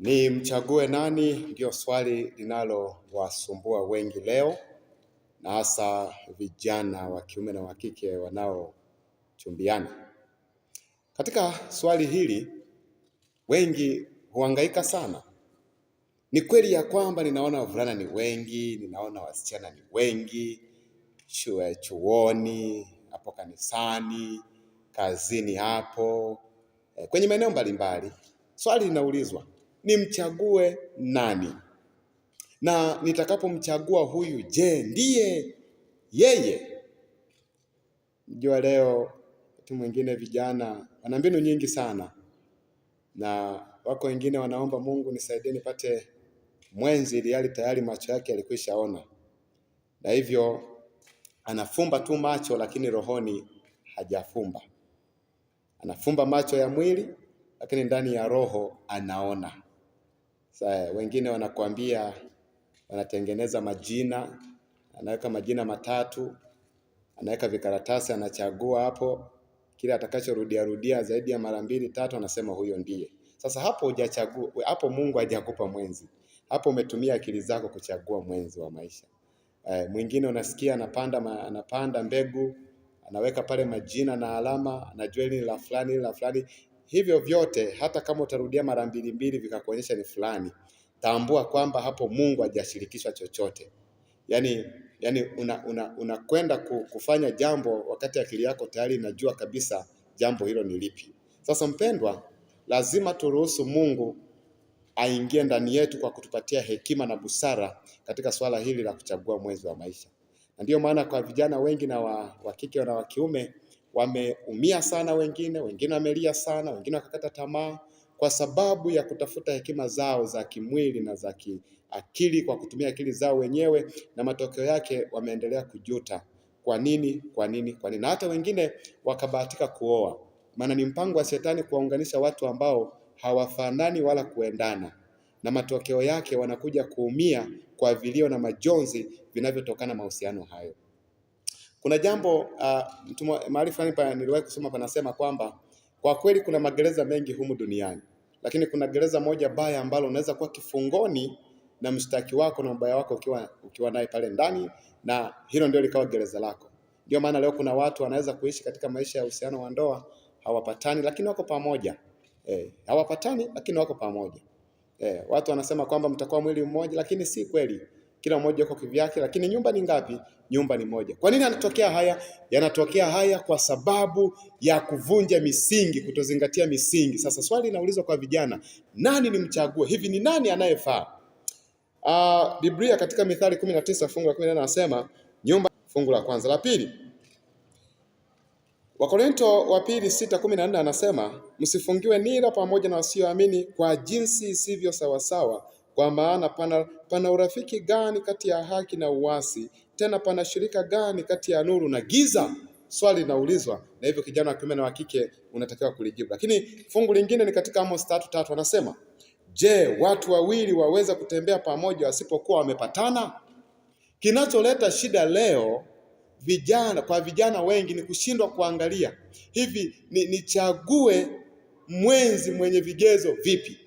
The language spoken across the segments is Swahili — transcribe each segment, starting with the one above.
Ni mchague nani, ndio swali linalowasumbua wengi leo, na hasa vijana wa kiume na wa kike wanaochumbiana. Katika swali hili wengi huangaika sana. Ni kweli ya kwamba ninaona wavulana ni wengi, ninaona wasichana ni wengi, chuo chuoni, hapo kanisani, kazini hapo, eh, kwenye maeneo mbalimbali. Swali linaulizwa, nimchague nani? Na nitakapomchagua huyu, je, ndiye yeye? Mjua leo tu mwingine vijana wana mbinu nyingi sana, na wako wengine wanaomba Mungu, nisaidie nipate mwenzi, ili hali tayari macho yake yalikwishaona, na hivyo anafumba tu macho, lakini rohoni hajafumba. Anafumba macho ya mwili, lakini ndani ya roho anaona. Sae, wengine wanakuambia wanatengeneza majina, anaweka majina matatu, anaweka vikaratasi, anachagua hapo kile atakachorudia rudia zaidi ya mara mbili tatu, anasema huyo ndiye. Sasa hapo hujachagua, hapo Mungu hajakupa mwenzi, hapo umetumia akili zako kuchagua mwenzi wa maisha. E, mwingine unasikia anapanda, anapanda mbegu anaweka pale majina na alama, anajua ni la fulani, la fulani hivyo vyote, hata kama utarudia mara mbili mbili vikakuonyesha ni fulani, tambua kwamba hapo Mungu hajashirikishwa chochote. Yaani, yaani unakwenda una, una kufanya jambo wakati akili yako tayari inajua kabisa jambo hilo ni lipi. Sasa mpendwa, lazima turuhusu Mungu aingie ndani yetu kwa kutupatia hekima na busara katika swala hili la kuchagua mwezi wa maisha. Na ndiyo maana kwa vijana wengi na wa kike na wa kiume wameumia sana, wengine wengine wamelia sana, wengine wakakata tamaa kwa sababu ya kutafuta hekima zao za kimwili na za kiakili, kwa kutumia akili zao wenyewe, na matokeo yake wameendelea kujuta. Kwa nini? Kwa nini? Kwa nini? Na hata wengine wakabahatika kuoa, maana ni mpango wa Shetani kuwaunganisha watu ambao hawafanani wala kuendana, na matokeo yake wanakuja kuumia kwa vilio na majonzi vinavyotokana mahusiano hayo. Kuna jambo uh, mahali fulani pa niliwahi kusoma panasema kwamba kwa kweli kuna magereza mengi humu duniani, lakini kuna gereza moja baya ambalo unaweza kuwa kifungoni na mshtaki wako na mbaya wako ukiwa, ukiwa naye pale ndani, na hilo ndio likawa gereza lako. Ndio maana leo kuna watu wanaweza kuishi katika maisha ya uhusiano wa ndoa, hawapatani lakini wako pamoja eh, hawapatani lakini wako pamoja eh, watu wanasema kwamba mtakuwa mwili mmoja, lakini si kweli kila mmoja uko kivyake, lakini nyumba ni ngapi? Nyumba ni moja. Kwa nini yanatokea haya? Yanatokea haya kwa sababu ya kuvunja misingi, kutozingatia misingi. Sasa swali linaulizwa kwa vijana, nani nimchague? Hivi ni nani anayefaa? Uh, Biblia katika Mithali 19 fungu la 14 anasema nyumba, fungu la kwanza. La pili Wakorinto wa pili sita kumi na nne anasema msifungiwe nira pamoja na wasioamini kwa jinsi isivyo sawasawa, kwa maana pana Pana urafiki gani kati ya haki na uasi? Tena pana shirika gani kati ya nuru na giza? Swali linaulizwa na hivyo, kijana wa kiume na wa kike unatakiwa kulijibu. Lakini fungu lingine ni katika Amos tatu tatu, anasema je, watu wawili waweza kutembea pamoja wasipokuwa wamepatana? Kinacholeta shida leo vijana, kwa vijana wengi ni kushindwa kuangalia hivi, ni nichague mwenzi mwenye vigezo vipi?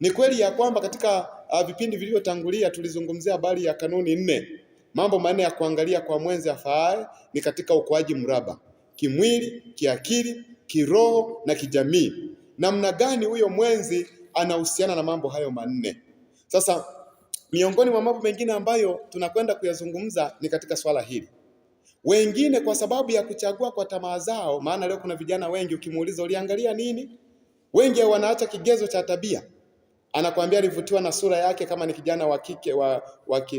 Ni kweli ya kwamba katika uh, vipindi vilivyotangulia tulizungumzia habari ya kanuni nne, mambo manne ya kuangalia kwa mwenzi afaaye ni katika ukuaji mraba: kimwili, kiakili, kiroho na kijamii. Namna gani huyo mwenzi anahusiana na mambo hayo manne? Sasa miongoni mwa mambo mengine ambayo tunakwenda kuyazungumza ni katika swala hili. Wengine kwa sababu ya kuchagua kwa tamaa zao, maana leo kuna vijana wengi ukimuuliza uliangalia nini, wengi wanaacha kigezo cha tabia anakwambia alivutiwa na sura yake, kama ni kijana wa kike wa,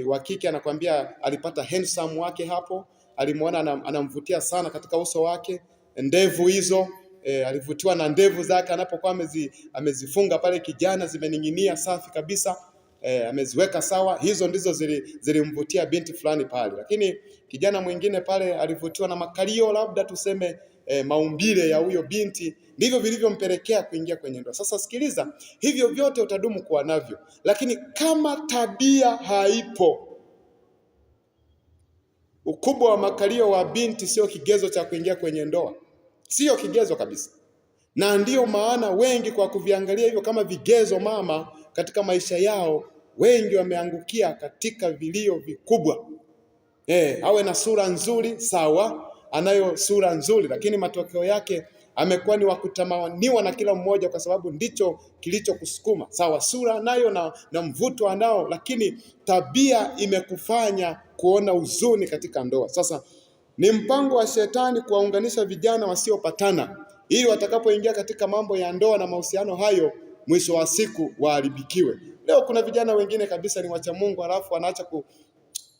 wa kike anakwambia alipata handsome wake hapo, alimuona anamvutia sana katika uso wake, ndevu hizo E, alivutiwa na ndevu zake anapokuwa amezi, amezifunga pale kijana zimening'inia safi kabisa eh, ameziweka sawa. Hizo ndizo zilimvutia zili binti fulani pale, lakini kijana mwingine pale alivutiwa na makalio, labda tuseme eh, maumbile ya huyo binti ndivyo vilivyompelekea kuingia kwenye ndoa. Sasa sikiliza, hivyo vyote utadumu kuwa navyo, lakini kama tabia haipo ukubwa wa makalio wa binti sio kigezo cha kuingia kwenye ndoa, sio kigezo kabisa. Na ndiyo maana wengi kwa kuviangalia hivyo kama vigezo mama katika maisha yao wengi wameangukia katika vilio vikubwa. E, awe na sura nzuri sawa, anayo sura nzuri, lakini matokeo yake amekuwa ni wakutamaniwa na kila mmoja, kwa sababu ndicho kilichokusukuma. Sawa, sura anayo na, na mvuto anao, lakini tabia imekufanya kuona huzuni katika ndoa. Sasa ni mpango wa Shetani kuwaunganisha vijana wasiopatana ili watakapoingia katika mambo ya ndoa na mahusiano hayo mwisho wa siku waharibikiwe. Leo kuna vijana wengine kabisa ni wacha Mungu, halafu wanaacha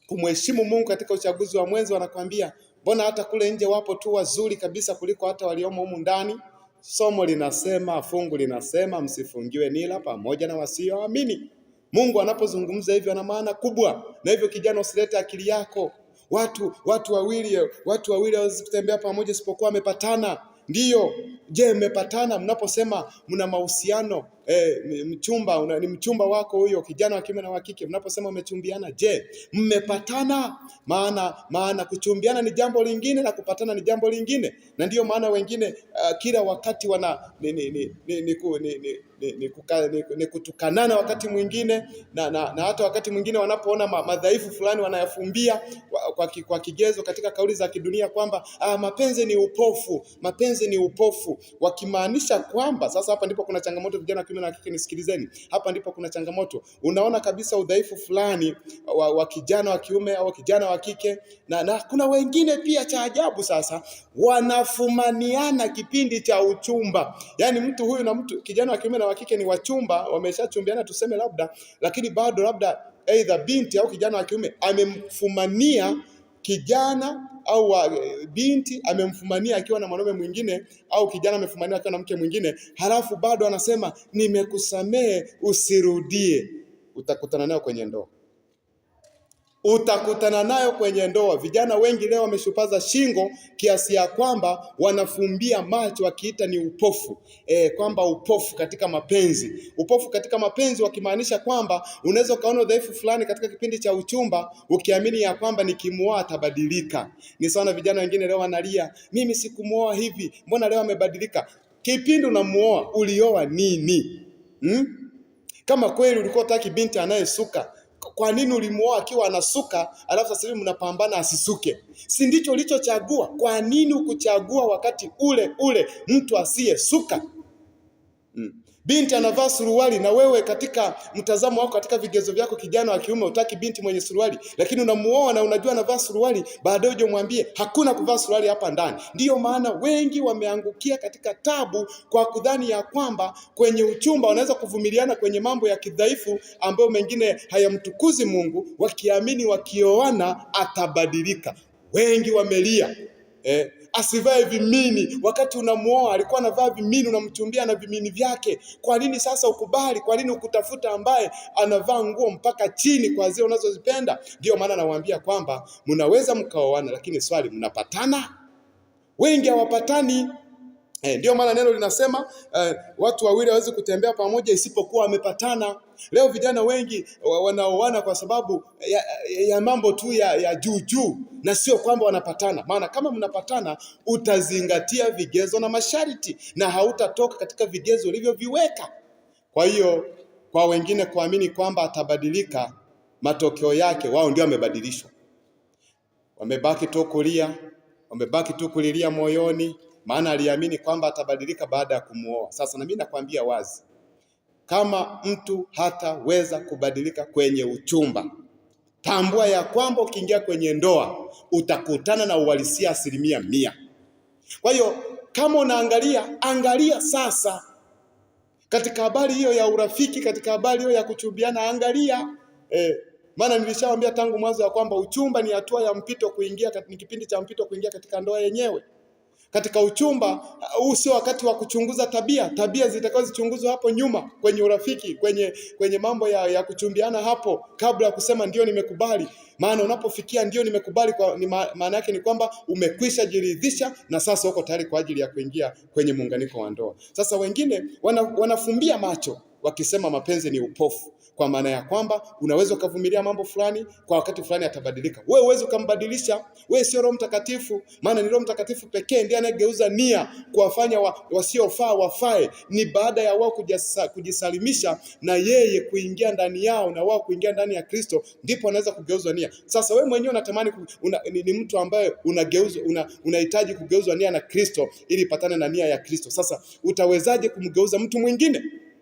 kumheshimu Mungu katika uchaguzi wa mwenzi, wanakwambia mbona hata kule nje wapo tu wazuri kabisa kuliko hata waliomo humu ndani. Somo linasema, fungu linasema, msifungiwe nila pamoja na wasioamini. Mungu anapozungumza hivyo ana maana kubwa, na hivyo kijana, usilete akili yako. Watu watu wawili watu wawili hawawezi kutembea pamoja isipokuwa wamepatana. Ndiyo. Je, mmepatana mnaposema mna mahusiano e, mchumba una, ni mchumba wako huyo kijana wa kiume na wa kike, mnaposema umechumbiana je, mmepatana? Maana maana kuchumbiana ni jambo lingine na kupatana ni jambo lingine, na ndiyo maana wengine uh, kila wakati wana ni, ni, ni, ni, ni, ni, ni, ni, ni, kuka, ni, ni kutukanana wakati mwingine na, na, na hata wakati mwingine wanapoona ma, madhaifu fulani wanayafumbia kwa, kwa, kwa kigezo katika kauli za kidunia kwamba ah, mapenzi ni upofu, mapenzi ni upofu, wakimaanisha kwamba sasa. Hapa ndipo kuna changamoto, vijana wa kiume na kike, nisikilizeni, hapa ndipo kuna changamoto. Unaona kabisa udhaifu fulani wa, wa kijana wa kiume au kijana wa kike na, na kuna wengine pia, cha ajabu sasa, wanafumaniana kipindi cha uchumba, yaani mtu huyu na mtu kijana wa kiume na wa kike ni wachumba, wameshachumbiana tuseme labda, lakini bado labda aidha binti au kijana wa kiume amemfumania kijana au eh, binti amemfumania akiwa na mwanaume mwingine, au kijana amefumania akiwa na mke mwingine, halafu bado anasema nimekusamehe, usirudie, utakutana nayo kwenye ndoa utakutana nayo kwenye ndoa. Vijana wengi leo wameshupaza shingo kiasi ya kwamba wanafumbia macho wakiita ni upofu e, kwamba upofu katika mapenzi. Upofu katika mapenzi wakimaanisha kwamba unaweza ukaona udhaifu fulani katika kipindi cha uchumba ukiamini ya kwamba nikimwoa atabadilika. Ni sawa na vijana wengine leo wanalia, mimi sikumwoa hivi, mbona leo amebadilika? Kipindi unamuoa ulioa nini? Hmm? Kama kweli ulikuwa utaki binti anayesuka kwa nini ulimuoa akiwa anasuka, alafu sasa hivi mnapambana asisuke? Si ndicho ulichochagua? Kwa nini ukuchagua wakati ule ule mtu asiyesuka? hmm. Binti anavaa suruali na wewe katika mtazamo wako, katika vigezo vyako, kijana wa kiume utaki binti mwenye suruali, lakini unamuoa na unajua anavaa suruali, baadaye uje hakuna kuvaa suruali hapa ndani. Ndiyo maana wengi wameangukia katika tabu kwa kudhani ya kwamba kwenye uchumba wanaweza kuvumiliana kwenye mambo ya kidhaifu ambayo mengine hayamtukuzi Mungu, wakiamini wakioana atabadilika. Wengi wamelia eh asivae vimini. Wakati unamuoa alikuwa anavaa vimini, unamchumbia na vimini vyake. Kwa nini sasa ukubali? Kwa nini ukutafuta ambaye anavaa nguo mpaka chini kwa zile unazozipenda? Ndio maana nawaambia kwamba mnaweza mkaoana, lakini swali mnapatana? Wengi hawapatani. Eh, ndio maana neno linasema eh, watu wawili hawezi kutembea pamoja isipokuwa wamepatana. Leo vijana wengi wanaoana kwa sababu ya, ya mambo tu ya, ya juu juu, na sio kwamba wanapatana. Maana kama mnapatana, utazingatia vigezo na masharti na hautatoka katika vigezo ulivyoviweka. Kwa hiyo kwa wengine kuamini kwamba atabadilika, matokeo yake wao ndio wamebadilishwa, wamebaki tu kulia, wamebaki tu kulilia moyoni maana aliamini kwamba atabadilika baada ya kumuoa. Sasa na mimi nakwambia wazi, kama mtu hataweza kubadilika kwenye uchumba, tambua ya kwamba ukiingia kwenye ndoa utakutana na uhalisia asilimia mia. Kwa hiyo kama unaangalia, angalia sasa katika habari hiyo ya urafiki, katika habari hiyo ya kuchubiana, angalia eh, maana nilishawambia tangu mwanzo ya kwamba uchumba ni hatua ya mpito kuingia, ni kipindi cha mpito kuingia katika ndoa yenyewe katika uchumba. Uh, huu sio wakati wa kuchunguza tabia. Tabia zitakazochunguzwa hapo nyuma kwenye urafiki, kwenye kwenye mambo ya, ya kuchumbiana hapo, kabla ya kusema ndio nimekubali. Maana unapofikia ndio nimekubali kwa, ni maana yake ni kwamba umekwisha jiridhisha na sasa uko tayari kwa ajili ya kuingia kwenye muunganiko wa ndoa. Sasa wengine wana, wanafumbia macho wakisema mapenzi ni upofu kwa maana ya kwamba unaweza ukavumilia mambo fulani, kwa wakati fulani atabadilika. Wewe uweze ukambadilisha, wewe sio Roho Mtakatifu, maana ni Roho Mtakatifu pekee ndiye anayegeuza nia kuwafanya wa, wasiofaa wafae. Ni baada ya wao kujisalimisha na yeye kuingia ndani yao na wao kuingia ndani ya Kristo, ndipo anaweza kugeuzwa nia. Sasa wewe mwenyewe unatamani una, ni, ni mtu ambaye unageuzwa una, unahitaji kugeuzwa nia na Kristo ili ipatane na nia ya Kristo. Sasa utawezaje kumgeuza mtu mwingine?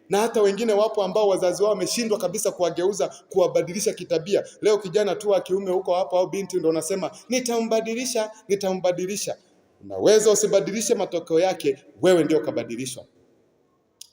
na hata wengine wapo ambao wazazi wao wameshindwa kabisa kuwageuza, kuwabadilisha kitabia. Leo kijana tu wa kiume huko hapo au binti ndo unasema nitambadilisha, nitambadilisha. Unaweza usibadilishe matokeo yake, wewe ndio kabadilishwa.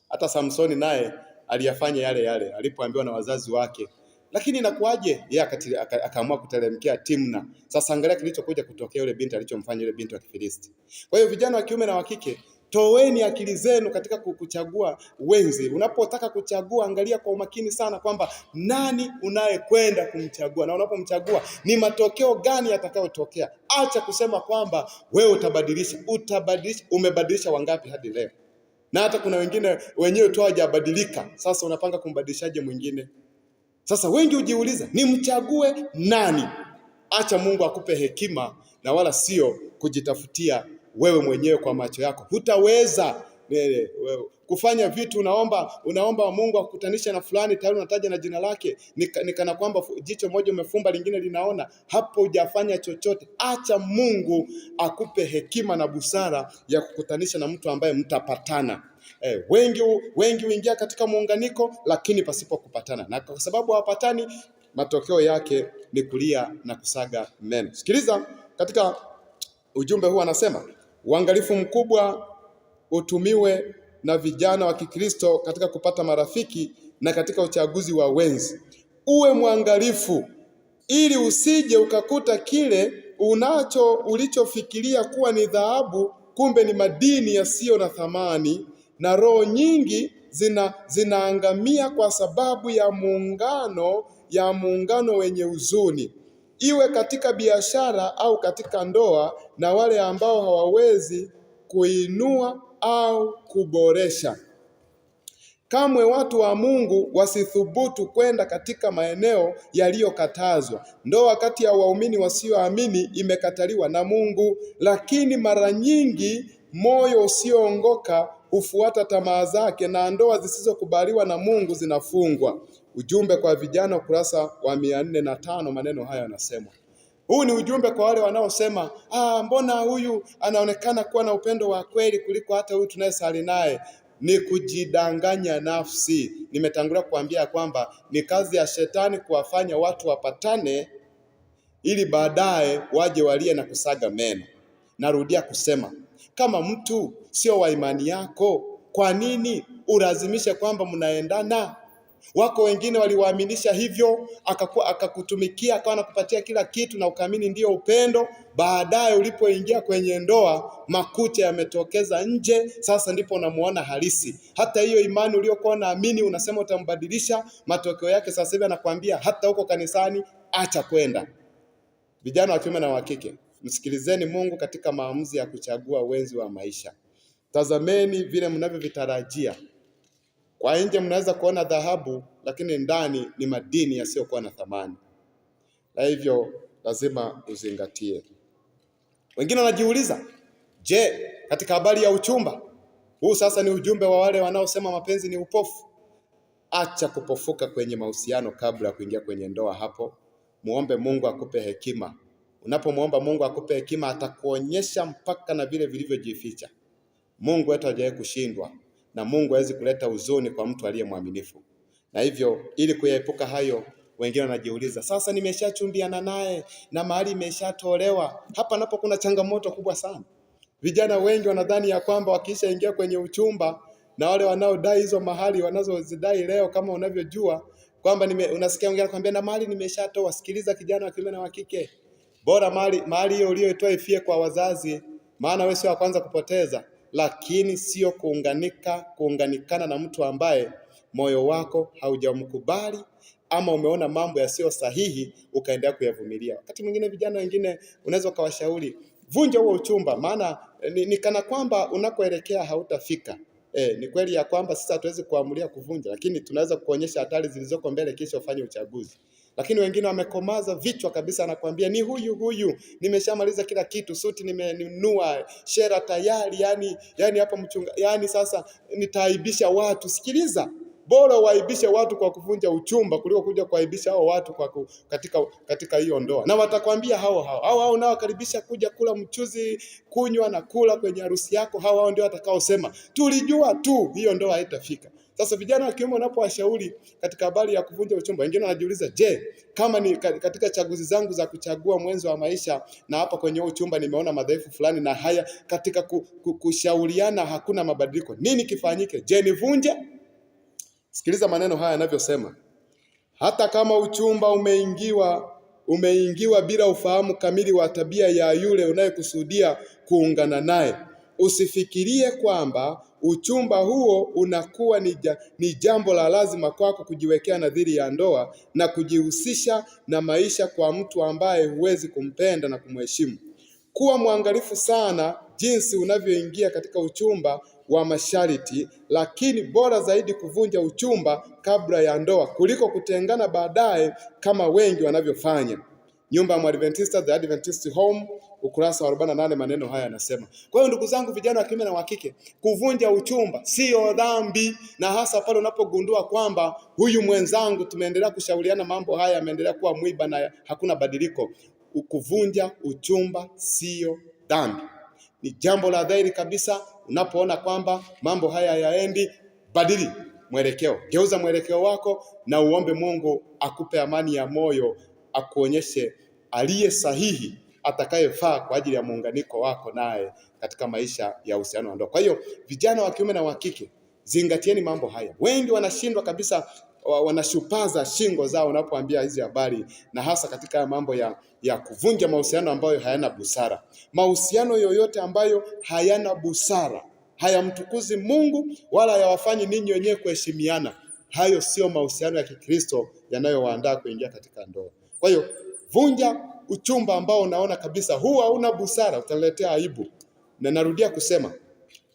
Hata Samsoni naye aliyafanya yale yale alipoambiwa na wazazi wake, lakini inakuwaje yeye akaamua kuteremkia Timna? Sasa angalia kilichokuja kutokea yule binti, alichomfanya yule binti wa Kifilisti. Kwa hiyo vijana wa kiume na wa kike Toweni akili zenu katika kuchagua wenzi. Unapotaka kuchagua, angalia kwa umakini sana kwamba nani unayekwenda kumchagua, na unapomchagua ni matokeo gani yatakayotokea. Acha kusema kwamba wewe utabadilisha, utabadilisha. Umebadilisha wangapi hadi leo? Na hata kuna wengine wenyewe tu hawajabadilika, sasa unapanga kumbadilishaje mwingine? Sasa wengi hujiuliza ni mchague nani? Acha Mungu akupe hekima na wala sio kujitafutia wewe mwenyewe kwa macho yako. Hutaweza wewe kufanya vitu unaomba unaomba Mungu akukutanisha na fulani, tayari unataja na jina lake, nikana kwamba jicho moja umefumba lingine linaona. Hapo hujafanya chochote. Acha Mungu akupe hekima na busara ya kukutanisha na mtu ambaye mtapatana. E, wengi wengi huingia katika muunganiko lakini pasipo kupatana, na kwa sababu hawapatani, matokeo yake ni kulia na kusaga meno. Sikiliza katika ujumbe huu anasema Uangalifu mkubwa utumiwe na vijana wa Kikristo katika kupata marafiki na katika uchaguzi wa wenzi. Uwe mwangalifu ili usije ukakuta kile unacho ulichofikiria kuwa ni dhahabu, kumbe ni madini yasiyo na thamani, na roho nyingi zina zinaangamia kwa sababu ya muungano ya muungano wenye huzuni iwe katika biashara au katika ndoa, na wale ambao hawawezi kuinua au kuboresha. Kamwe watu wa Mungu wasithubutu kwenda katika maeneo yaliyokatazwa. Ndoa kati ya waumini wasioamini imekataliwa na Mungu, lakini mara nyingi moyo usioongoka hufuata tamaa zake na ndoa zisizokubaliwa na Mungu zinafungwa. Ujumbe kwa vijana, ukurasa wa mia nne na tano, maneno haya yanasema huu ni ujumbe kwa wale wanaosema ah, mbona huyu anaonekana kuwa na upendo wa kweli kuliko hata huyu tunayesali naye. Ni kujidanganya nafsi. Nimetangulia kuambia kwamba ni kazi ya shetani kuwafanya watu wapatane ili baadaye waje walie na kusaga meno. Narudia kusema kama mtu sio wa imani yako, kwa nini ulazimishe kwamba mnaendana? Wako wengine waliwaaminisha hivyo, akakuwa akakutumikia, akawa anakupatia kila kitu na ukaamini ndiyo upendo. Baadaye ulipoingia kwenye ndoa, makucha yametokeza nje. Sasa ndipo unamuona halisi. Hata hiyo imani uliyokuwa unaamini, unasema utambadilisha, matokeo yake sasa hivi anakuambia hata huko kanisani acha kwenda. Vijana wa kiume na wa kike, msikilizeni Mungu katika maamuzi ya kuchagua wenzi wa maisha. Tazameni vile mnavyovitarajia kwa nje mnaweza kuona dhahabu, lakini ndani ni madini yasiyokuwa na thamani, na hivyo lazima uzingatie. Wengine wanajiuliza, je, katika habari ya uchumba huu sasa ni ujumbe wa wale wanaosema mapenzi ni upofu? Acha kupofuka kwenye mahusiano kabla ya kuingia kwenye ndoa. Hapo muombe Mungu akupe hekima. Unapomwomba Mungu akupe hekima, atakuonyesha mpaka na vile vilivyojificha. Mungu wetu hajawahi kushindwa na Mungu hawezi kuleta huzuni kwa mtu aliye mwaminifu. Na hivyo ili kuyaepuka hayo, wengine wanajiuliza sasa, nimeshachumbiana naye na mahali imeshatolewa. Hapa napo kuna changamoto kubwa sana. Vijana wengi wanadhani ya kwamba wakishaingia kwenye uchumba na wale wanaodai hizo mahali wanazozidai leo, kama unavyojua kwamba nime, unasikia wengine anakuambia na mahali nimeshatoa. Sikiliza kijana wa kiume na wa kike, bora mahali mahali hiyo uliyoitoa ifie kwa wazazi, maana wewe sio wa kwanza kupoteza lakini sio kuunganika, kuunganikana na mtu ambaye moyo wako haujamkubali ama umeona mambo yasiyo sahihi ukaendelea kuyavumilia. Wakati mwingine vijana wengine unaweza ukawashauri vunja huo uchumba, maana eh, ni, ni kana kwamba unakoelekea hautafika. E, ni kweli ya kwamba sisi hatuwezi kuamulia kuvunja, lakini tunaweza kuonyesha hatari zilizoko mbele, kisha ufanye uchaguzi. Lakini wengine wamekomaza vichwa kabisa, anakuambia ni huyu huyu, nimeshamaliza kila kitu, suti nimenunua, shera tayari, yani yani hapa mchunga, yani sasa nitaaibisha watu. Sikiliza, bora waibishe watu kwa kuvunja uchumba kuliko kuja kuaibisha hao watu kwa ku, katika katika hiyo ndoa, na watakwambia hao hao hao hao unaowakaribisha kuja kula mchuzi, kunywa na kula kwenye harusi yako, hao hao ndio watakaosema tulijua tu hiyo ndoa haitafika. Sasa vijana wakiwemo wanapowashauri katika habari ya kuvunja uchumba, wengine wanajiuliza, je, kama ni katika chaguzi zangu za kuchagua mwenzo wa maisha na hapa kwenye uchumba nimeona madhaifu fulani na haya, katika kushauriana hakuna mabadiliko, nini kifanyike? Je, nivunje? Sikiliza maneno haya yanavyosema: hata kama uchumba umeingiwa umeingiwa bila ufahamu kamili wa tabia ya yule unayekusudia kuungana naye, usifikirie kwamba uchumba huo unakuwa ni jambo la lazima kwako kujiwekea nadhiri ya ndoa na kujihusisha na maisha kwa mtu ambaye huwezi kumpenda na kumheshimu. Kuwa mwangalifu sana jinsi unavyoingia katika uchumba wa masharti, lakini bora zaidi kuvunja uchumba kabla ya ndoa kuliko kutengana baadaye kama wengi wanavyofanya. Nyumba ya Mwadventista, The Adventist Home ukurasa wa 48 maneno haya yanasema. Kwa hiyo ndugu zangu, vijana wa kiume na wa kike, kuvunja uchumba siyo dhambi, na hasa pale unapogundua kwamba huyu mwenzangu, tumeendelea kushauriana mambo haya, ameendelea kuwa mwiba na hakuna badiliko. Kuvunja uchumba siyo dhambi, ni jambo la dhahiri kabisa. Unapoona kwamba mambo haya hayaendi, badili mwelekeo, geuza mwelekeo wako na uombe Mungu akupe amani ya moyo, akuonyeshe aliye sahihi atakayefaa kwa ajili ya muunganiko wako naye katika maisha ya uhusiano wa ndoa. Kwa hiyo vijana wa kiume na wa kike, zingatieni mambo haya. Wengi wanashindwa kabisa wanashupaza shingo zao unapoambia hizi habari na hasa katika mambo ya, ya kuvunja mahusiano ambayo hayana busara. Mahusiano yoyote ambayo hayana busara hayamtukuzi Mungu wala hayawafanyi ninyi wenyewe kuheshimiana. Hayo sio mahusiano ya Kikristo yanayowaandaa kuingia katika ndoa. Kwa hiyo vunja uchumba ambao unaona kabisa huu hauna busara, utaletea aibu. Na narudia kusema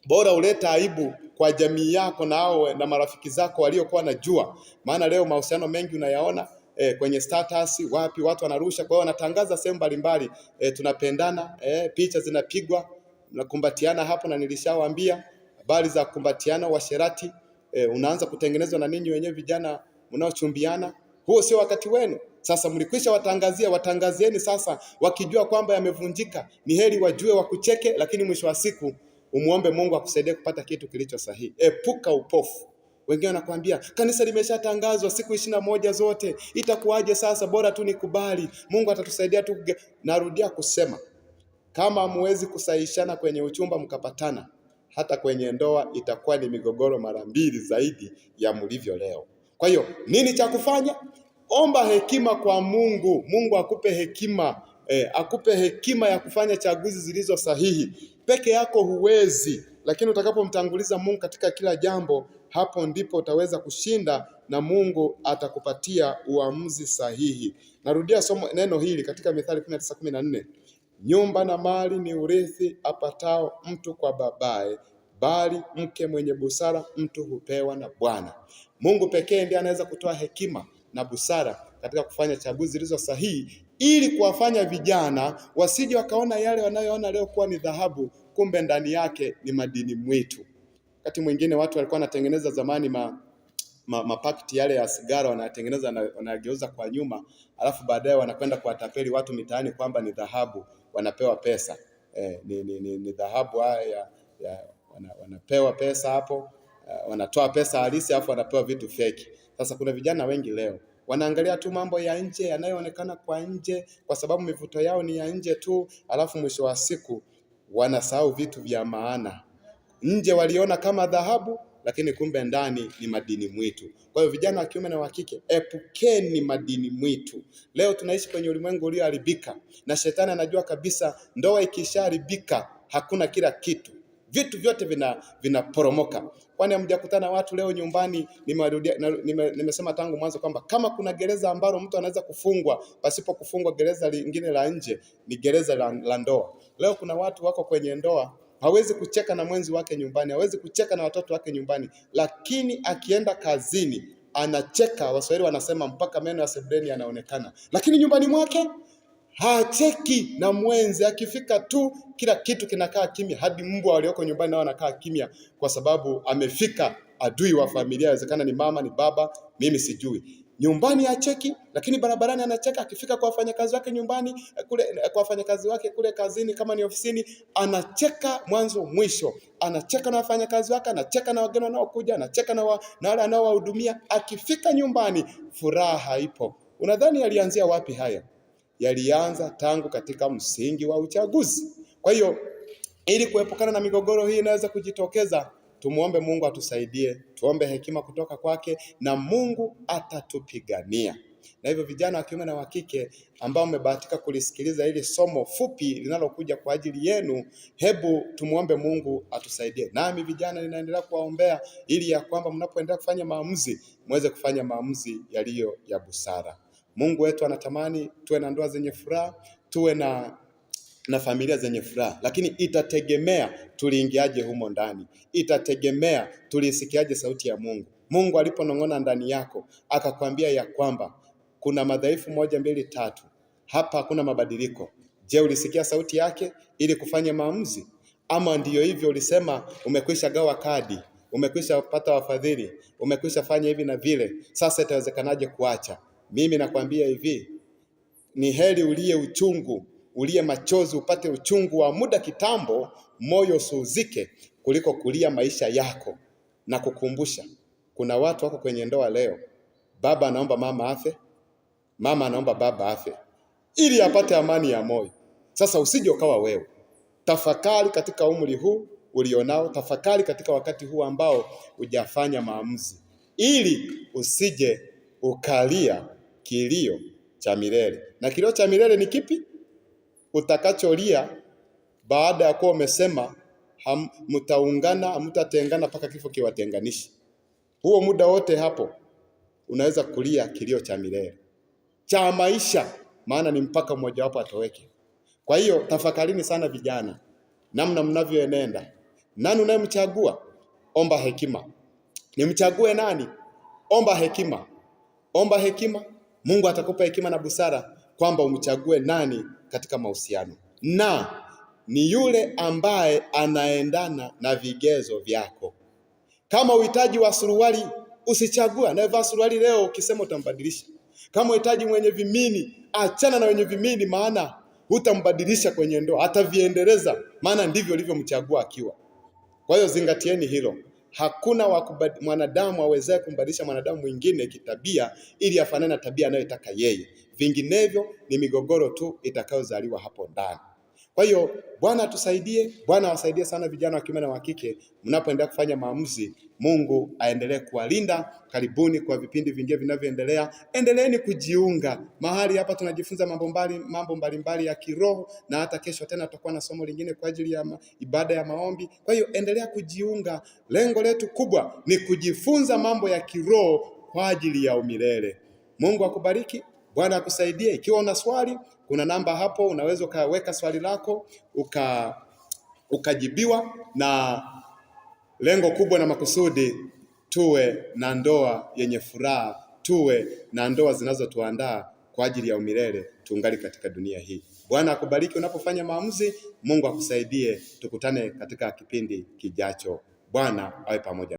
bora uleta aibu kwa jamii yako na au na marafiki zako waliokuwa na jua, maana leo mahusiano mengi unayaona E, kwenye status wapi watu wanarusha, kwa hiyo wanatangaza sehemu mbalimbali e, tunapendana e, picha zinapigwa nakumbatiana hapo, na nilishawaambia habari za kukumbatiana, washerati e, unaanza kutengenezwa na ninyi wenyewe vijana mnaochumbiana huo sio wakati wenu. Sasa mlikwisha watangazia, watangazieni sasa wakijua kwamba yamevunjika. Ni heri wajue wakucheke, lakini mwisho wa siku umuombe Mungu akusaidie kupata kitu kilicho sahihi. Epuka upofu. Wengine wanakuambia kanisa limeshatangazwa siku ishirini na moja zote, itakuwaje sasa? Bora tu nikubali, Mungu atatusaidia tu. Narudia kusema kama hamuwezi kusaishana kwenye uchumba mkapatana, hata kwenye ndoa itakuwa ni migogoro mara mbili zaidi ya mlivyo leo. Kwa hiyo nini cha kufanya? Omba hekima kwa Mungu. Mungu akupe hekima eh, akupe hekima ya kufanya chaguzi zilizo sahihi. Peke yako huwezi, lakini utakapomtanguliza Mungu katika kila jambo, hapo ndipo utaweza kushinda na Mungu atakupatia uamuzi sahihi. Narudia somo neno hili katika Mithali 19:14. Nyumba na mali ni urithi apatao mtu kwa babaye, bali mke mwenye busara mtu hupewa na Bwana. Mungu pekee ndiye anaweza kutoa hekima na busara katika kufanya chaguzi zilizo sahihi ili kuwafanya vijana wasije wakaona yale wanayoona leo kuwa ni dhahabu, kumbe ndani yake ni madini mwitu. Wakati mwingine watu walikuwa wanatengeneza zamani ma, ma, mapakiti yale ya sigara wanatengeneza, wanageuza kwa nyuma, alafu baadaye wanakwenda kuwatapeli watu mitaani kwamba ni dhahabu, wanapewa pesa eh, ni, ni, ni, ni dhahabu haya ya, ya, wana, wanapewa pesa hapo Eh, wanatoa pesa halisi afu wanapewa vitu feki. Sasa kuna vijana wengi leo wanaangalia tu mambo ya nje yanayoonekana kwa nje, kwa sababu mivuto yao ni ya nje tu, alafu mwisho wa siku wanasahau vitu vya maana. Nje waliona kama dhahabu, lakini kumbe ndani ni madini mwitu. Kwa hiyo vijana wa kiume na wa kike, epukeni madini mwitu. Leo tunaishi kwenye ulimwengu ulioharibika, na shetani anajua kabisa ndoa ikishaharibika hakuna kila kitu vitu vyote vinaporomoka kwani hamjakutana watu leo nyumbani? Nimewarudia, nime, nimesema tangu mwanzo kwamba kama kuna gereza ambalo mtu anaweza kufungwa pasipo kufungwa gereza lingine la nje ni gereza la, la ndoa. Leo kuna watu wako kwenye ndoa hawezi kucheka na mwenzi wake nyumbani, hawezi kucheka na watoto wake nyumbani, lakini akienda kazini anacheka. Waswahili wanasema mpaka meno ya sebreni yanaonekana, lakini nyumbani mwake hacheki na mwenzi. Akifika tu kila kitu kinakaa kimya, hadi mbwa walioko nyumbani nao wanakaa kimya, kwa sababu amefika adui wa familia. Inawezekana ni mama, ni baba, mimi sijui. Nyumbani hacheki, lakini barabarani anacheka. Akifika kwa wafanyakazi wake nyumbani kule, kwa wafanyakazi wake kule kazini, kama ni ofisini, anacheka mwanzo mwisho. Anacheka na wafanyakazi wake, anacheka na wageni wanaokuja, anacheka na wale wa, anaowahudumia. Akifika nyumbani, furaha ipo. Unadhani alianzia wapi haya? yalianza tangu katika msingi wa uchaguzi. Kwa hiyo ili kuepukana na migogoro hii inaweza kujitokeza, tumuombe Mungu atusaidie, tuombe hekima kutoka kwake na Mungu atatupigania. Na hivyo vijana wa kiume na wa kike ambao mmebahatika kulisikiliza hili somo fupi linalokuja kwa ajili yenu, hebu tumuombe Mungu atusaidie. Nami vijana ninaendelea kuwaombea ili ya kwamba mnapoendelea kufanya maamuzi, muweze kufanya maamuzi yaliyo ya busara. Mungu wetu anatamani tuwe na ndoa zenye furaha, tuwe na na familia zenye furaha, lakini itategemea tuliingiaje humo ndani, itategemea tulisikiaje sauti ya Mungu. Mungu aliponong'ona ndani yako akakwambia ya kwamba kuna madhaifu moja mbili tatu, hapa hakuna mabadiliko. Je, ulisikia sauti yake ili kufanya maamuzi, ama ndiyo hivyo ulisema umekwisha gawa kadi, umekwisha pata wafadhili, umekwisha fanya hivi na vile, sasa itawezekanaje kuacha? Mimi nakwambia hivi, ni heri ulie uchungu, ulie machozi, upate uchungu wa muda kitambo, moyo usuzike, kuliko kulia maisha yako. Na kukumbusha, kuna watu wako kwenye ndoa leo, baba anaomba mama afe, mama anaomba baba afe, ili apate amani ya moyo. Sasa usije ukawa wewe. Tafakari katika umri huu ulionao, tafakari katika wakati huu ambao hujafanya maamuzi, ili usije ukalia kilio cha milele. Na kilio cha milele ni kipi? Utakacholia baada ya kuwa umesema mtaungana hamtatengana mpaka kifo kiwatenganishi Huo muda wote hapo unaweza kulia kilio cha milele cha maisha, maana ni mpaka mmoja wapo atoweke. Kwa hiyo tafakarini sana vijana, namna mnavyoenenda. Nani unayemchagua? Omba hekima. Nimchague nani? Omba hekima, omba hekima. Mungu atakupa hekima na busara kwamba umchague nani katika mahusiano, na ni yule ambaye anaendana na vigezo vyako. Kama uhitaji wa suruali, usichague anayevaa suruali leo ukisema utambadilisha. Kama uhitaji mwenye vimini, achana na wenye vimini, maana hutambadilisha kwenye ndoa, ataviendeleza, maana ndivyo ulivyomchagua akiwa. Kwa hiyo zingatieni hilo. Hakuna mwanadamu awezaye kumbadilisha mwanadamu mwingine kitabia ili afanane na tabia anayotaka yeye, vinginevyo ni migogoro tu itakayozaliwa hapo ndani. Kwa hiyo Bwana atusaidie, Bwana awasaidie sana vijana wa kiume na wa kike mnapoendelea kufanya maamuzi. Mungu aendelee kuwalinda. Karibuni kwa vipindi vingine vinavyoendelea, endeleeni kujiunga mahali hapa, tunajifunza mambo mbali mambo mbalimbali ya kiroho, na hata kesho tena tutakuwa na somo lingine kwa ajili ya ma, ibada ya maombi. Kwa hiyo endelea kujiunga, lengo letu kubwa ni kujifunza mambo ya kiroho kwa ajili ya umilele. Mungu akubariki, Bwana akusaidie. Ikiwa una swali kuna namba hapo, unaweza ukaweka swali lako uka, ukajibiwa, na lengo kubwa na makusudi tuwe na ndoa yenye furaha, tuwe na ndoa zinazotuandaa kwa ajili ya umilele tuungali katika dunia hii. Bwana akubariki unapofanya maamuzi, Mungu akusaidie. Tukutane katika kipindi kijacho. Bwana awe pamoja.